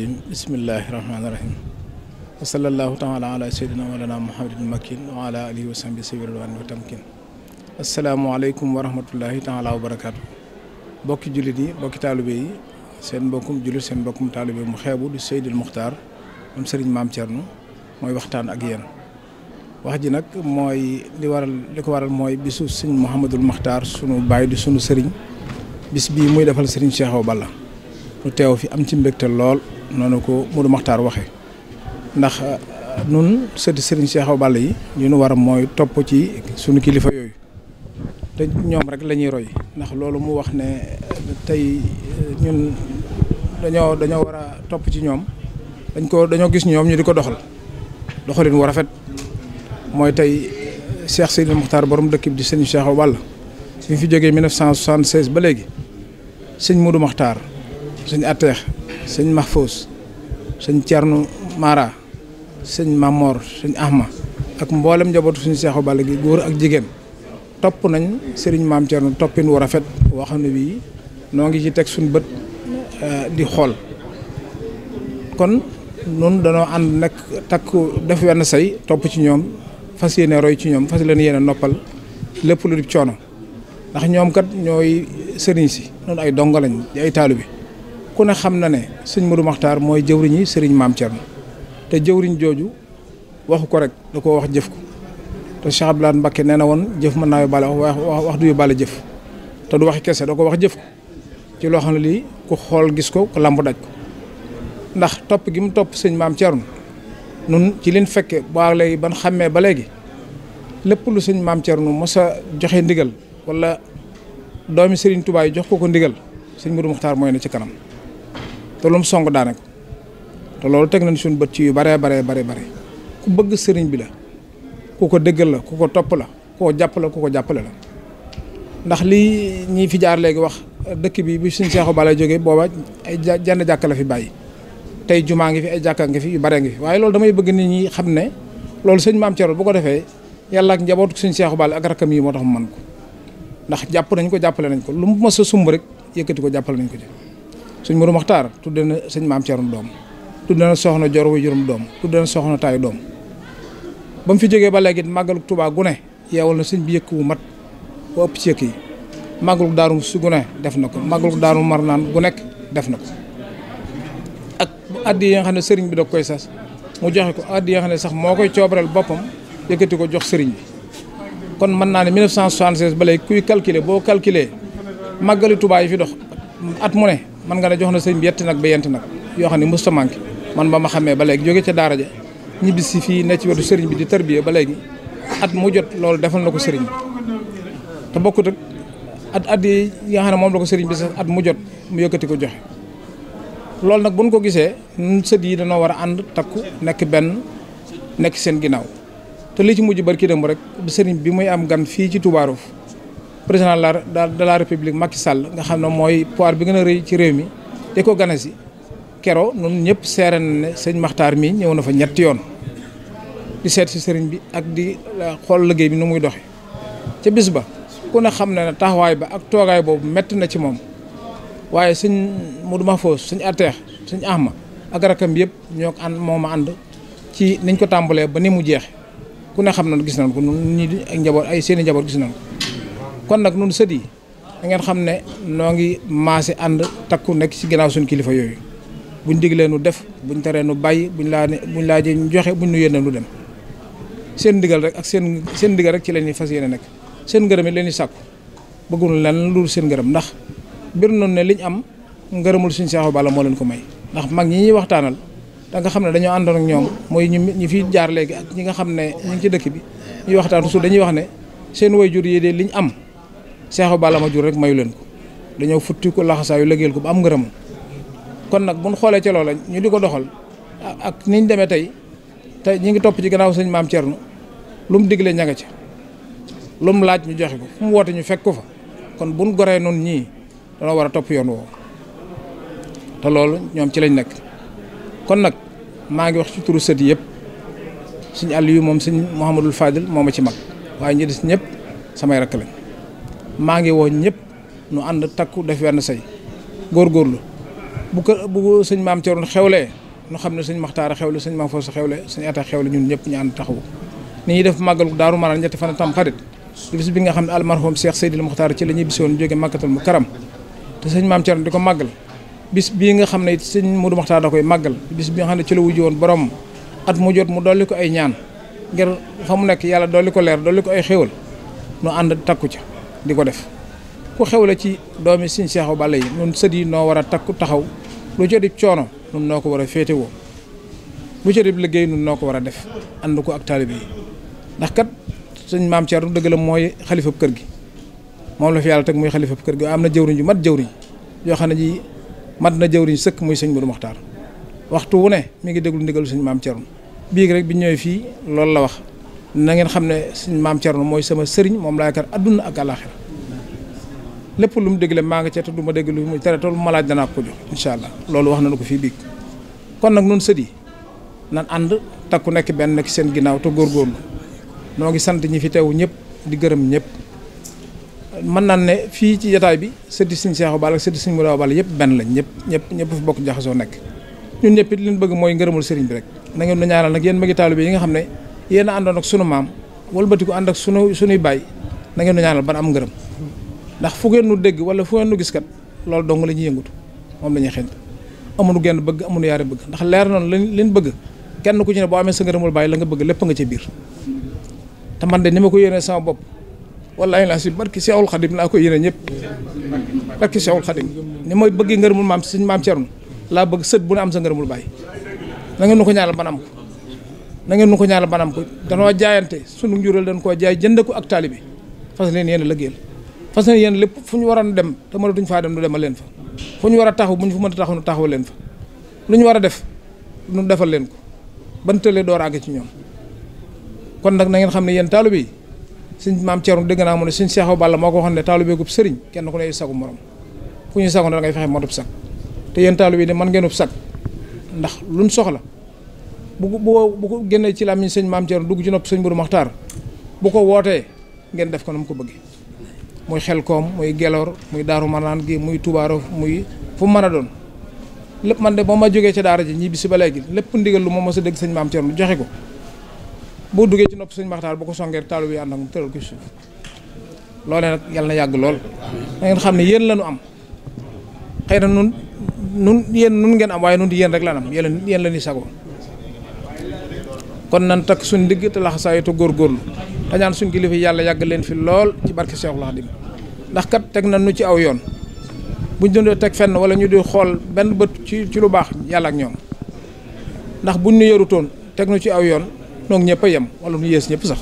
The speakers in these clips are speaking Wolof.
الرجيم بسم الله الرحمن الرحيم وصلى الله تعالى على سيدنا مولانا محمد المكين وعلى اله وصحبه سيدنا الوان وتمكين السلام عليكم ورحمه الله تعالى وبركاته بوكي جلدي بوكي طالبي سين بوكم جولي سين بوكم طالبي مو خيبو دي المختار ام سيرن مام تيرنو موي وقتان اك يين واخجي نك موي لي وارال لي كو وارال موي بيسو محمد المختار سونو باي دي سونو سيرن بيس بي موي دافال سيرن شيخو بالا نو تيو في noonu ko Modou maxtaar waxee ndax euh, nun sëti Serigne Cheikh Awa Balla yi li nu war a mooy topp ci suñu kilifa yooyu te ñoom rek la ñuy roy ndax loolu mu wax ne euh, tey euh, ñun dañoo dañoo war a topp ci ñoom dañ ko dañoo gis ñoom ñu di ko doxal doxalin wu rafet mooy tey Cheikh Seydil Mokhtar borom dëkk bi di Serigne Cheikh Awa Balla fi fi jógee 1976 ba léegi sëñ Modou Makhtar sëñ Ateex sëñ Mahfous sëñ Thierno Mara sëñ Mamor sëñ Ahma ak mboolem njabootu suñu Seexu Balla gi góor ak jigéen topp nañ sëriñ maam Thierno toppin wu rafet woo xam ne bii noo ngi ci teg suñu bët euh, di xool kon noonu danoo ànd nag takku def wenn say topp ci ñoom fas yéene roy ci ñoom fas leen yéene noppal lépp lu di coono ndax ñoom kat ñooy sëriñ si noonu ay dongo lañ di ay taalu bi ku ne xam na ne sëñ Modou Makhtar mooy jëwriñi sëriñ maam Thierno te jëwriñ jooju waxu ko rek da ko wax jëf ko te Cheikh Abdoulaye Mbacké nee na woon jëf ma naa yóbbaale wax wax du yóbbaale jëf te du waxi kese da ko wax jëf ko ci loo xam ne lii ku xool gis ko ku lamb daj ko ndax topp gi mu topp sëñ maam Thierno nun ci liñ fekke ba léegi ban xàmmee ba léegi lépp lu sëñ maam Thierno mos a joxe ndigal wala doomi Serigne Touba jox ko ko ndigal sëñ Modou Makhtar mooy ne ci kanam. te lu mu song daane ko te loolu teg nañ suñu bët ci yu baree baree bare bare ku bëgg sëriñ bi la ku ko dëggal la ku ko topp la ku ko jàpp la ku ko jàppale la ndax lii ñii fi jaar léegi wax dëkk bi bi suñ seexu bala jógee booba ay jenn jàkka la fi bàyyi tey jumaa ngi fi jàkka ngi fi yu bare ngi waaye loolu damay bëgg nit ñi xam ne loolu sëñ maam bu ko defee yàlla ak njabootu suñ seexu bala ak rakkam yi moo tax mu man ko ndax jàpp nañ ko jàppale nañ ko lu mu mës sumb rek yëkkati ko jàppale nañ ko ci sëñ Mourou Maxtaar tudde na sëñ maam Thierno doom tudde soxna Dior wu jurum doom tudde soxna Taay doom ba fi jógee ba léegi màggalu tubaa gu ne yeewal na sëñ bi yëkk wu mat bu ëpp yëkk yi màggalu daaru su def na ko màggalu daaru mar naan gu nekk def na ko ak addi yi ne sëriñ bi da koy sas mu joxe ko addi yi ne sax moo koy coobareel boppam yëkkati ko jox sëriñ bi kon mën naa ne 1976 ba léegi kuy calculer boo calculer màggali Tuubaa yi fi dox at mu ne man nga la joxna na sëñ bi yetti nak ba yent musta manki man ba ma xamee ba léegi jóge ci daara ja ñibbi si fii ne ci wadu sëriñ bi di tarbiya ba léegi at mu jot loolu defal nako ko sëriñ te ak at at yi nga xam mom lako la bi sax at mu jot mu yëkëti ko joxe nak buñ ko gisé se yi war and takku nek ben nek seen ginaaw te li ci mujj barki dem rek bi muy am gan fi ci tubaruf président de la république Macky Sall nga xam ne mooy pouvoir bi gën a rëy ci réew mi di ko gane si kero ñun ñëpp seere na ne sëñ Maxtaar mii ñëw na fa ñetti yoon di seet si sëriñ bi ak di xool liggéey bi nu muy doxe ca bis ba ku ne xam na ne taxawaay ba ak toogaay boobu metti na ci moom waaye sëñ Modou Mahfouz sëñ Ateex sëñ Ahma ak yëpp ñoo ko ànd ànd ci niñ ko tàmbalee ba ni mu jeexe ku ne xam na gis nañ ko ñun ñii ak njaboot ay seeni njaboot gis na ko kon nak nun sët da ngeen xamne no ngi maase and takku nek ci ginaaw sun kilifa yooyu buñ diglé nu def buñ téré nu bàyyi buñ la buñ la jé joxé buñ nu yéne nu dem seen sen rek ak seen seen digal rek ci la ñuy fas yéene nekk seen ngërëm it la bëggul lan lu seen ndax bir noonu ne liñ am ngërëmul sun cheikhou bala mo leen ko may ndax mag ñi ñi waxtanal da nga xamne dañu andon ak ñom moy ñu ñi fi jaar légui ak ñi nga xamne ñi ci dëkk bi ñi waxtaan su dañuy wax ne seen wayjur yi de liñ am seexu bàlla jur rek mayu leen ko dañoo futti ko laxasaayu lëggeel ko ba am ngërëm kon nag bu buñ xoolee ca la ñu di ko doxal ak niñ demee tey te ñu ngi topp ci ganaaw sëñ maam Thierno lu mu digle ña ca lu mu laaj ñu joxe ko fu mu woote ñu fekk ko fa kon buñ goree noonu ñii dañoo war a topp yoon woowu te loolu ñoom ci lañ nekk kon nag maa ngi wax ci turu sët yëpp suñ àll yu moom suñ Mouhamadul Fadil moom ma ci mag waaye ñi des ñëpp samay rakk lañ mangi ngi woo nu and takku def wenn say lu bu ko bu sëñ maam Thierno xewle nu xamne señ sëñ xewle señ maam Fos xewle señ ata xewle ñun ñep ñu and ni def màggalu daru maanaam ñetti tam xarit bis bi nga xamne al almarhum Cheikh Seydil mukhtar ci lañu bisoon joge màkkatal mukaram te señ mam ci di ko màggal bis bi nga xamne señ mudu sëñ da koy magal bis bi nga xamne ci la wujj woon borom at mu jot mu doliko ay ñaan ngir famu nek yalla doliko leer doliko ay xewal nu and takku ci di ko def ku xewle ci doomi Sëñ Seexu Balla yi nun sët yi noo war a takku taxaw lu ca dib coono nun noo ko war a féetewoo lu ca bi liggéey nun noo ko war a def ànd ko ak taalibe yi ndax kat sëñ maam Thierno dëgg la mooy xalifab kër gi moom la fi yàlla teg muy xalifab kër gi am na jëwriñ yu mat jëwriñ yoo xam ne ji mat na jëwriñ sëkk muy sëñ Modou Mokhtar waxtu wu ne mi ngi déglu ndigalu sëñ maam Thierno bii rek bi ñëwee fii loolu la wax na ngeen xamne suñ maam Thierno mooy sama sëriñ mom la yakar aduna ak alakhir lepp lu mu dégle ma nga ci te ma mu tere tol malaj dana ko jox inshallah allah wax nañu ko fi bik kon nak nun seudi nan and takku nekk benn nekk seen to gor gor no ngi sant ñi fi tew ñep di gëreem ñep man nan ne fi ci jotaay bi seudi seigne cheikh bal ak seudi seigne Mudaa bal yep ben lañ ñep ñep ñep fu bok jaxaso nek ñun ñep it li ñu bëgg moy serigne bi rek na ngeen magi talibé yi nga xamne yena iya, andon ak sunu mam walba ko andak sunu sunu bay na ngeen ñaanal ban am ngërëm ndax fu ngeen nu deg wala fu ngeen nu gis kat lol dong la ñuy yëngatu moom la ñuy xent amunu genn bëgg amunu yaari bëgg ndax leer non liñ bëgg kenn ku ci ne bo amé sa ngërëmul bay la nga bëgg lepp nga ci biir ta man de nima ko yéenee sama bop wallahi la si barki Seexul khadim la ko yéenee ñëpp barki Seexul khadim ni moy bëgg mam mam Cerno la bëgg seut bu am sa ngërëmul bay. na ngeen nu ko ñaanal ban am ko na ngeen nu ko ñaanal banam ko danoo jaayante sunu njural dañ koo jaay jënd ko ak taalibe fas leen yéen a lëggeel fas leen yéen lépp fu ñu waroon dem te mënatuñ faa dem nu demal leen fa fu ñu war a taxaw bu ñu mën a taxaw nu taxaw leen fa lu ñu war a def nu defal leen ko ban tëlee door àgg ci ñoom kon nag na ngeen xam ne yéen taalibe yi suñ maam Thierno dégg naa mu ne suñ seexaw balla moo ko xam ne taalibe gub sëriñ kenn ku ne sagu morom ku ñu sagu na da ngay fexe motub sag te yéen taalibe yi de mën ngeen ub sag ndax luñ soxla buku buku buku ko ci làmmiñ seigne mam Thierno dug ci nop seigne Mbourou makhtar bu ko wote ngeen def ko na ko bëggee moy xel kom moy gelor moy daru manan gi moy tubaaro moy fu meuna don lepp man de ba ma ci daara ji ñibbi si ba léegi ndigal lu ma sa a seigne mam maam lu joxe ko bu ci nop seigne makhtar bu ko songee talu wi ànd ak ko ci lolé nak yalla na yag lool xam am xëy nun nun yeen nun ngeen am waye nun di yeen rek la nam yeen yeen la ni sago kon nan tak suñ ndigg te gor gor da ñaan suñ kilifa yalla yag leen fi lool ci barke Seexul Xaadim ndax kat tek nan ñu ci aw yoon buñ doon tek fenn wala ñu di xol ben beut ci ci lu bax yalla ak ñoom ndax buñ nu yarutoon tek ñu ci aw yoon nok ñepp yam wala ñu yes ñepp sax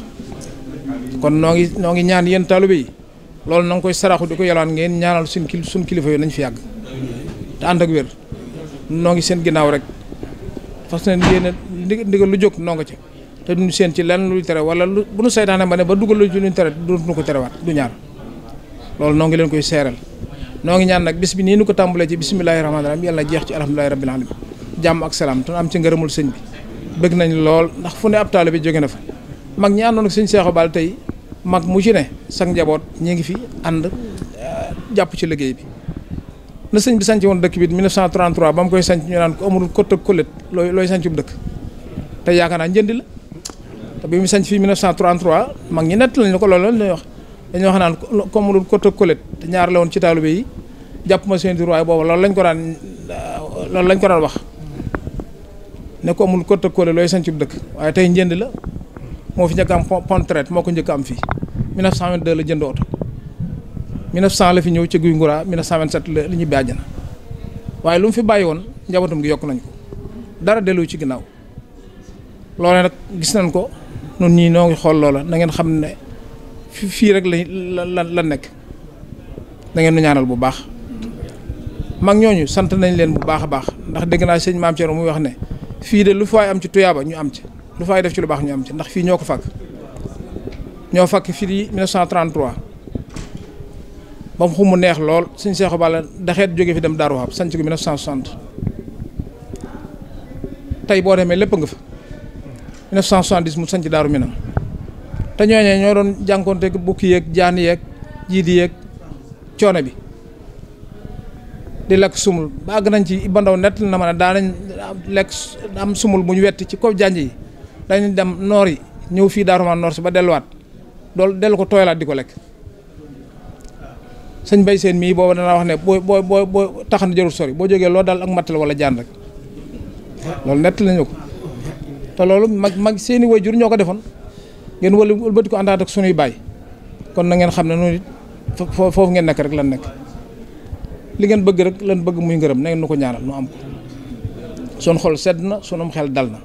kon noongi noongi ñaan yeen taalibe lool nang koy saraxu diko ko yalaan ngeen ñaanal suñ kil suñ kilifa yooyu nañ fi yag ta and ak wér noongi seen ginaaw rek fa seen ndigal lu jog noo nga ci te duñu seen ci lenn luy téré wala lu bu nu saytaane ba ne ba dugal lu ci luñ tere duñu ko terewaat du ñaar lool noo ngi leen koy séral noo ngi ñaan nak bis bi ni ñu ko tambulé ci bismillahir rahmanir rahim yalla jeex ci alhamdulillahir rabbil alamin jàmm ak salam te am ci ngeerumul sëñ bi bëgg nañ lool ndax fu ne ab taale bi jóge na fa mag ñaan non ak sëñ Seexu Baal tey mag mu ci ne sag njaboot ñi ngi fi and eh, japp ci liggéey bi na sëñ bi sanc won dëkk bi 1933 bam koy sanc ñu naan ko amul ko kott ak loy loy looy bu dëkk te yaakaar naa njënd la te bi mu sañ fii 1933 mag ñi nett lañu ko loolu la ñuy wax dañuy wax naan comme lu côté Colette te ñaar la woon ci taalibe jàpp ma seen diir boobu loolu lañ ko daan loolu lañ ko daan wax ne ko amul côté Colette looy sañ ci dëkk waaye tey njënd la moo fi njëkk am pontraite moo ko njëkk am fii 1922 la jënd oto 1900 la fi ñëw ci Guy Ngura 1927 la li ñuy bàjj na waaye lu mu fi bàyyi woon njabootam ngi yokk nañ ko dara dellu ci ginnaaw. loole nag gis nañ ko nun nii noo ngi xool loola na ngeen xam ne fii rek la la la nekk da ngeen nu ñaanal bu baax mag ñooñu sant nañ leen bu baax a baax ndax dégg naa sëñ maam Thierno muy wax ne fii de lu faay am ci tuyaaba ñu am ci lu faay def ci lu baax ñu am ci ndax fii ñoo ko fàkk ñoo fàkk fii di 1933 ba mu xumu neex lool suñ Seexu Balla daxeet jóge fi dem Daaru Wahab sanc ko 1960 tey boo demee lépp nga fa. 1970 mu sanc Daaru Minam te ñooñee ñoo doon jànkoonte bukki yeeg jaan yeeg jiidi yeeg coono bi di lekk sumul ba àgg nañ ci Iba Ndaw nett na ma ne daa nañ lekk am sumul bu ñu wetti ci kaw janj yi dañu dem noor yi ñëw fii Daaru Minam noor si ba delluwaat dool dellu ko tooyalaat di ko lekk sëñ bay seen mii booba danaa wax ne boo boo boo taxan jarul sori boo jógee loo daal ak mattal wala jaan rek loolu nett lañu ko ta lolou mag mag seeni wayjur ñoko defon ngeen wala wëlbati ko àndaat ak sunuy bay kon na ngeen xamne ne fofu ngeen nek rek lan nek li ngeen bëgg rek lan bëgg muy ngërëm na ngeen nuko ñaanal nu am ko sun xol sedna na xel dalna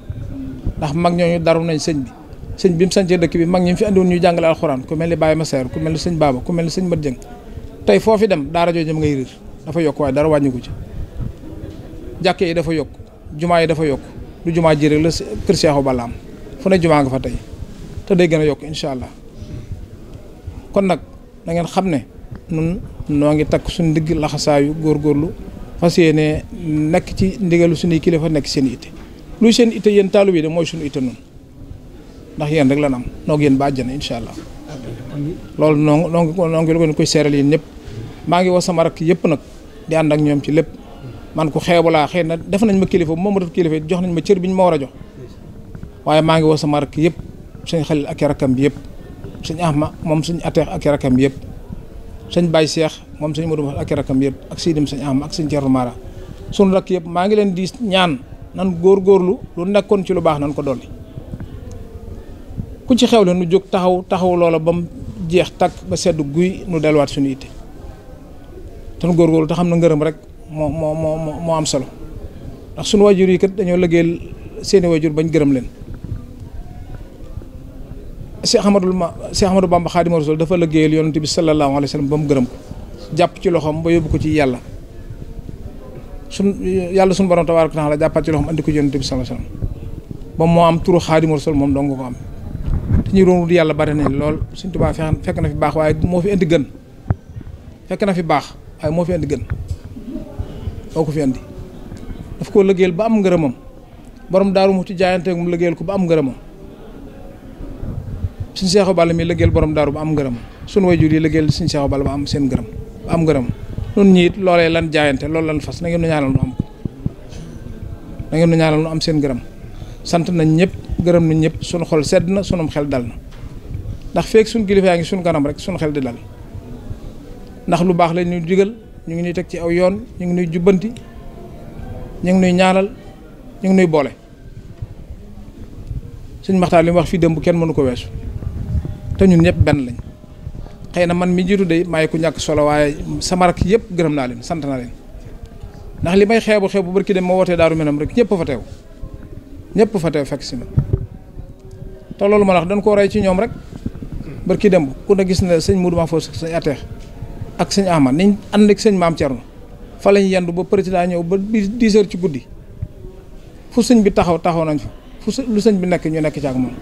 ndax mag ñu daru nañ señ bi señ bi mu sancee dekk bi mag ñi fi andiwoon ñu jàngale alquran ku melni ni Baye Masseer ku melni señ Baba ku melni señ sëñ tay fofu dem daara jooju ngay riir dafa yok way dara ko ci jàkke yi dafa yok jumaa yi dafa yok du juma ji le la fune obalam fu ne juma nga fa tay te day gëna yok inshallah kon nak na ngeen xamne nun no ngi tak suñu ndigg laxasaayu gor fas fasiyene nek ci ndigalu suñu kilifa nek seen ite lu seen ite yeen taalibe yi de moy suñu ite nun ndax yeen rek la nam no ngeen ba àjjana inshallah lol no ngi ko koy ñep ma ngi sama rak yep nak di and ak ñom ci lepp man ku xeebu laa xëy na def nañ ma kilifa moom ma def kilifa jox nañ ma cër biñ ma war a jox waaye maa ngi woo sama rakk yëpp sëñ Xalil ak i rakkam bi yëpp sëñ Ahma moom sëñ Ateex ak i rakkam bi yëpp sëñ Baye Cheikh moom sëñ Modou ak i rakkam bi yëpp ak Sidim sëñ Ahma ak sëñ Thierno Mara sunu rakk yëpp maa ngi leen diis ñaan nan góor góorlu lu nekkoon ci lu baax nan ko dolli ku ci la nu jóg taxaw taxaw loola ba mu jeex takk ba sedd guy nu delluwaat suñu itte te nu góorgóorlu te xam na ngërëm rek. moo moo moo moo am solo ndax sunu waajur yi kat dañoo liggéeyal seeni waajur bañ gërëm leen Cheikh Ahmadul ma Cheikh Ahmadou Bamba Xaadimu Rasuul dafa liggéeyal yonent bi sallallahu alayhi wa sallam ba mu gërëm ko jàpp ci loxoom ba yóbbu ko ci yàlla sun yàlla sunu borom tabaaraka taala jàppaat ci loxoom andi ko ci yonent bi sallallahu alayhi wa sallam ba moo am turu Xaadimu Rasuul moom dong ko am te ñu doon wut yàlla bari nañ lool Sëriñ Tuubaa fekk na fi baax waaye moo fi indi gën fekk na fi baax waaye moo fi indi gën moo ko fi andi daf koo liggéeyal ba am ngërëmam borom daaru muxti jaayanteeg mu liggéeyal ko ba am ngërëmam suñ seexu bàll mi liggéeyal borom daaru ba am ngërëmam suñ wayjur yi liggéeyal suñ seexu bàll ba am seen ngërëm ba am ngërëm nun ñi loolee lan jaayante lool lan fas na ngeen am ko na ngeen nu am seen ngërëm sant nañ ñëpp gërëm nañ ñëpp suñu xol sedd na sunum xel dal na ndax feek suñ kilifa yaa ngi suñ ganam rek suñ xel di dal ndax lu baax lañ ñu ñu ngi nuy teg ci aw yoon ñu ngi nuy jubbanti ñu ngi nuy ñaanal ñu ngi nuy boole suñ maxtaar li mu wax fii démb kenn mënu ko weesu te ñun ñëpp benn lañ xëy na man mi jiitu de maay ku ñàkk solo waaye sama rakk yëpp gërëm naa leen sant naa leen ndax li may xeebu xeebu barki dem ma wootee daaru menam rek ñëpp fa teew ñëpp fa teew fekk si ma te loolu ma wax dañ koo rey ci ñoom rek barki dem ku ne gis na sëñ Moudou Mahfouz sëñ Ateex ak sëñ Ahmad nañ ànd ak sëñ maam Thierno fa lañ yendu ba président ñëw ba dix heures ci guddi fu sëñ bi taxaw taxaw nañ fa fu lu sëñ bi nekk ñu nekk ci ak moom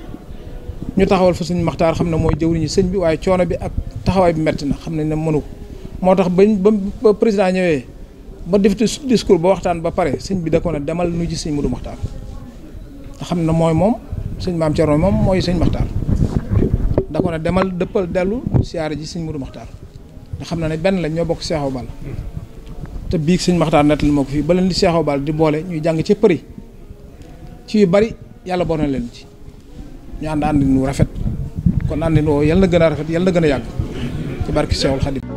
ñu taxawal fa sëñ maxtaar xam ne mooy jëwriñu sëñ bi waaye coono bi ak taxawaay bi metti na xam nañ ne mënu ko moo tax bañ ba président ñëwee ba def discours ba waxtaan ba pare sëñ bi da demal nu ji sëñ Mudu Maxtaar te xam ne mooy moom sëñ maam Thierno moom mooy sëñ maxtaar da ko demal dëppal dellu siyaare ji sëñ Mudu Maxtaar nga xam na ne benn lañ ñoo bokk Cheikh Awa Balla te biig sëñ Maxtaar nettali moo ko fii ba leen di Cheikh Awa Balla di boole ñuy jàng ci përi ci yu bari yàlla boo na leen ci ñu ànd àndin wu rafet kon àndin woo yal na gën a rafet yal na gën a yàgg ci barki Cheikhul Khadim